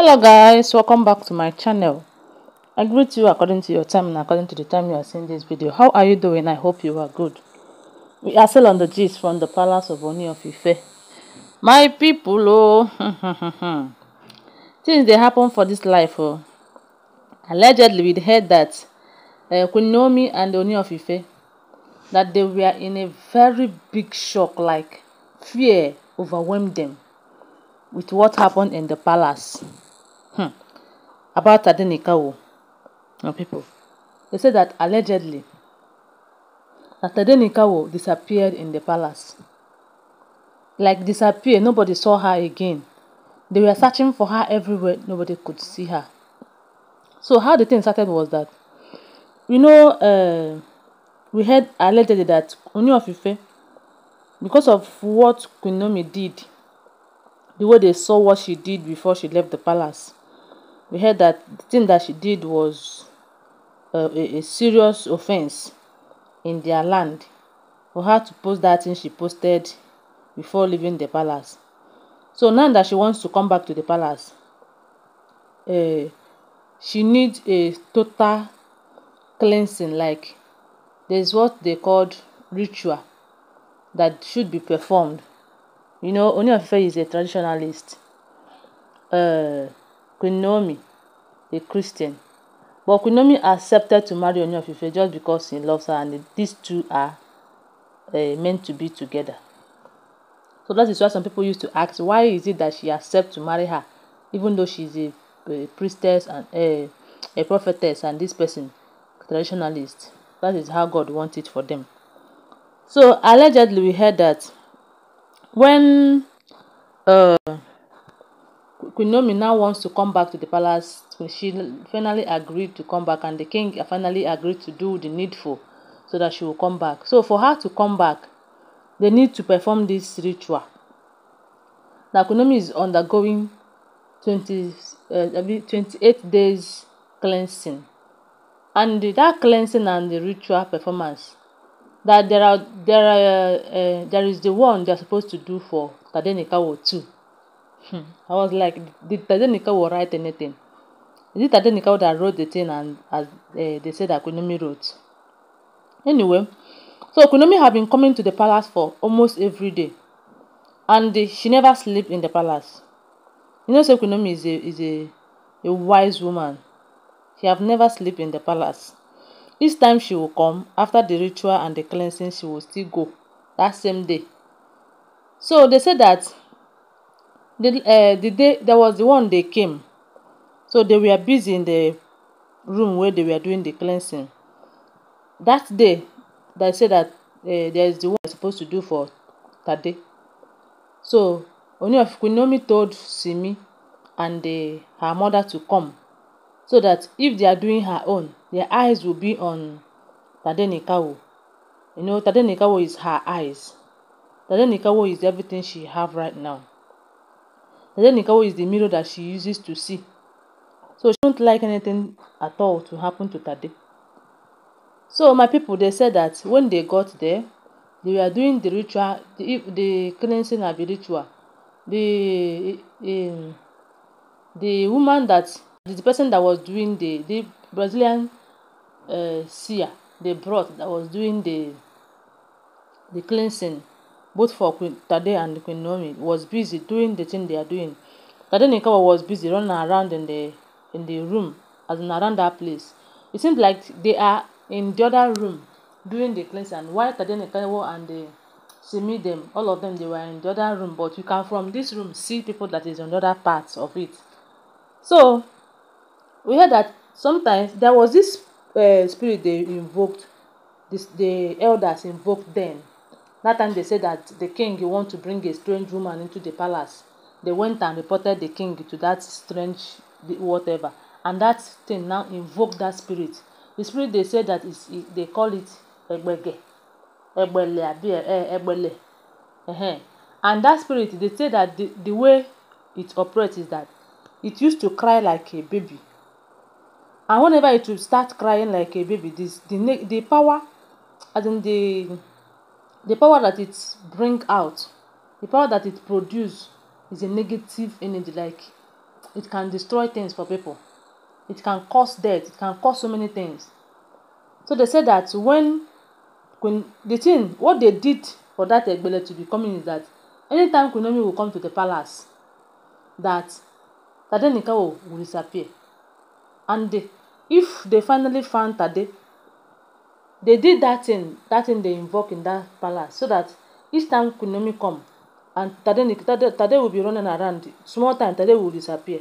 hello guys welcome back to my channel i greet you according to your time and according to the time you are seeing this video how are you doing i hope you are good we are still on the gist from the palace of oni of ife my people oh things they happen for this life oh allegedly we heard that uh, eh, Kunomi and oni of ife that they were in a very big shock like fear overwhelmed them with what happened in the palace Hmm. about Tadenikawo and people. They said that allegedly, that Tadenikawo disappeared in the palace. Like disappeared, nobody saw her again. They were searching for her everywhere, nobody could see her. So how the thing started was that, you know, uh, we heard allegedly that Oni of Ife, because of what Kunomi did, the way they saw what she did before she left the palace, we heard that the thing that she did was uh, a, a serious offense in their land for her to post that thing she posted before leaving the palace. So now that she wants to come back to the palace, uh, she needs a total cleansing. Like there's what they called ritual that should be performed. You know, Oni is a traditionalist. Uh, Kunomi, a Christian. But Kunomi accepted to marry Ooni just because he loves her and these two are uh, meant to be together. So that is why some people used to ask, why is it that she accepts to marry her, even though she's a, a priestess and a, eh, a prophetess and this person, traditionalist. That is how God wants it for them. So allegedly, we heard that when uh, Queen Nomi now wants to come back to the palace. She finally agreed to come back, and the king finally agreed to do the needful so that she will come back. So, for her to come back, they need to perform this ritual. Now, Queen is undergoing 20, uh, 28 days cleansing. And that cleansing and the ritual performance, that there are there are uh, uh, there is the one they are supposed to do for Tadenikawo too. Hmm. I was like, did Tadenikawa write anything? Is it Tadenikawa that wrote the thing and as uh, eh, they said that Kunomi wrote? Anyway, so Kunomi had been coming to the palace for almost every day. And she never slept in the palace. You know, so Kunomi is a, is a, a wise woman. She have never slept in the palace. Each time she will come, after the ritual and the cleansing, she will still go that same day. So they said that the, uh, the day there was the one they came so they were busy in the room where they were doing the cleansing that day they said that uh, there is the one supposed to do for tade so only of Kunomi told Simi and the, her mother to come so that if they are doing her own their eyes will be on Tade Nikawo you know Tade Nikawo is her eyes Tade Nikawo is everything she have right now Nikau is the mirror that she uses to see. So she don't like anything at all to happen to Tade. So my people, they said that when they got there, they were doing the ritual, the, the cleansing of the ritual. The, um, the woman that, the person that was doing the, the Brazilian uh, seer, they brought that was doing the, the cleansing both for Queen Tade and Queen Naomi, was busy doing the thing they are doing. Tade Nikawa was busy running around in the in the room, as in around that place. It seems like they are in the other room doing the cleansing. While Tade Nikawa and the uh, Simi them, all of them, they were in the other room, but you can from this room see people that is on other parts of it. So, we heard that sometimes there was this uh, spirit they invoked, this the elders invoked them That time they said that the king want to bring a strange woman into the palace. They went and reported the king to that strange whatever. And that thing now invoke that spirit. The spirit they say that is they call it egbege. Egbele abi eh, eh, egbele. Uh-huh. And that spirit they say that the, the way it operates is that it used to cry like a baby. And whenever it will start crying like a baby, this the the power as in the the power that it bring out the power that it produce is a negative energy like it can destroy things for people it can cause death it can cause so many things so they said that when when the thing what they did for that ability to be coming is that anytime queen will come to the palace that tadenikawo will disappear and they, if they finally found tade they did that thing That thing they invoke in that palace so that each time kunomi come and tade tade tade will be running around small time tade will disappear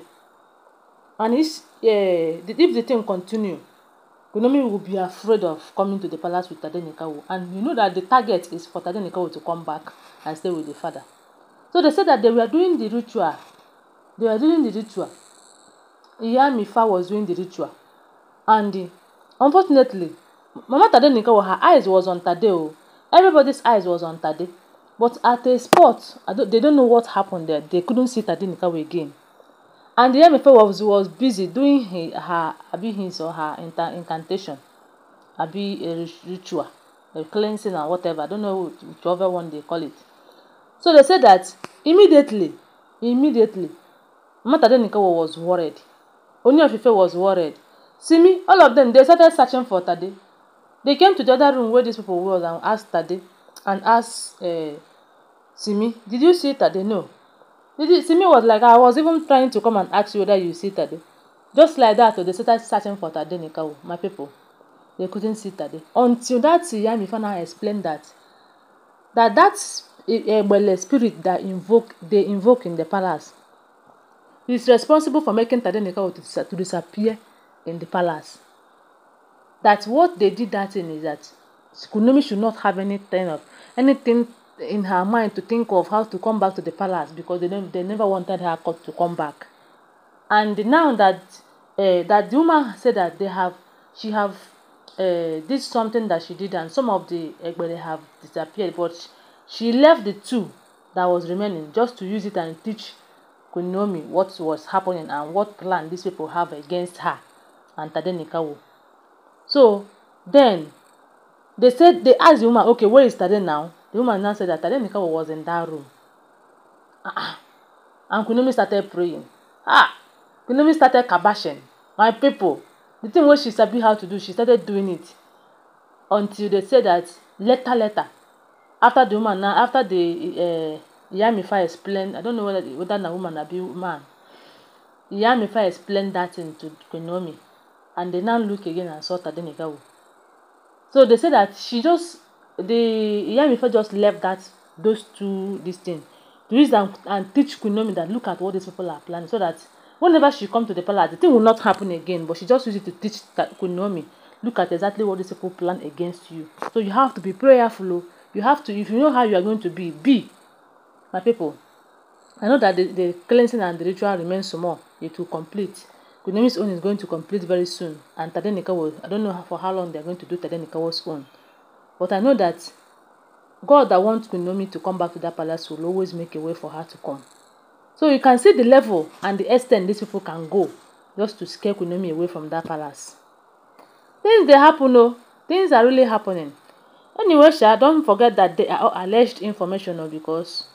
and if uh, if the thing continue kunomi will be afraid of coming to the palace with tade nikawo and you know that the target is for tade nikawo to come back and stay with the father so they said that they were doing the ritual they were doing the ritual iyamifa was doing the ritual and uh, unfortunately Mama Tade Nikewa, her eyes was on Tade. Everybody's eyes was on Tade. But at a spot, don't, they don't know what happened there. They couldn't see Tade again. And the MFA was, was busy doing her, abi his or her incantation, abi a ritual, a cleansing or whatever. I don't know whichever oh one they call it. So they said that immediately, immediately, Mama Tade Nikewa was worried. Only was worried. See me, all of them, they started searching for Tade. they came to the other room where dis people was and asked Tade and asked uh, Simi did you see Tade no did you Simi was like I was even trying to come and ask you whether you see Tade just like that they started searching for Tade Nikawo oh, my people they couldn't see Tade until that Siyami Fana explained that that that egbele eh, eh, spirit that invoke they invoke in the palace is responsible for making Tade Nikawo oh, to, to disappear in the palace that what they did that thing is that Kunomi should not have anything of anything in her mind to think of how to come back to the palace because they, they never wanted her to come back. And now that uh, that the woman said that they have she have uh, did something that she did and some of the egg Egbere have disappeared but she left the two that was remaining just to use it and teach Kunomi what was happening and what plan these people have against her and Tadenikawo. So then they said they asked the woman, okay, where is Tade now? The woman now said that Tade Mikawa was in that room. Ah, uh-uh. and Kunomi started praying. Ah, Kunomi started kabashing. My people, the thing wey she sabi how to do, she started doing it until they say that later later after the woman now after the uh, eh, Iyamifa explain I don't know whether whether na woman abi man Iyamifa explain that thing to Kunomi and they now look again and saw Tadenikawo. So they say that she just the Iyamife just left that those two this thing to use them and teach Kunomi that look at what these people are planning so that whenever she come to the palace the thing will not happen again but she just use it to teach that Kunomi look at exactly what these people plan against you so you have to be prayerful oh. you have to if you know how you are going to be be my people i know that the the cleansing and the ritual remain more. it will complete Kunemi's own is going to complete very soon, and Tadenikawa, will, I don't know for how long they're going to do Tadenikawa's own. But I know that God that wants Kunomi to come back to that palace will always make a way for her to come. So you can see the level and the extent these people can go just to scare Kunomi away from that palace. Things they happen, oh, things are really happening. Anyway, Sha, don't forget that they are alleged information, oh, because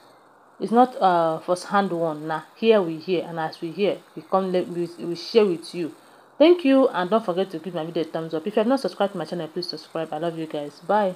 it's not uh, first hand one. Now, here we hear, and as we hear, we come we, we share with you. Thank you, and don't forget to give my video a thumbs up. If you have not subscribed to my channel, please subscribe. I love you guys. Bye.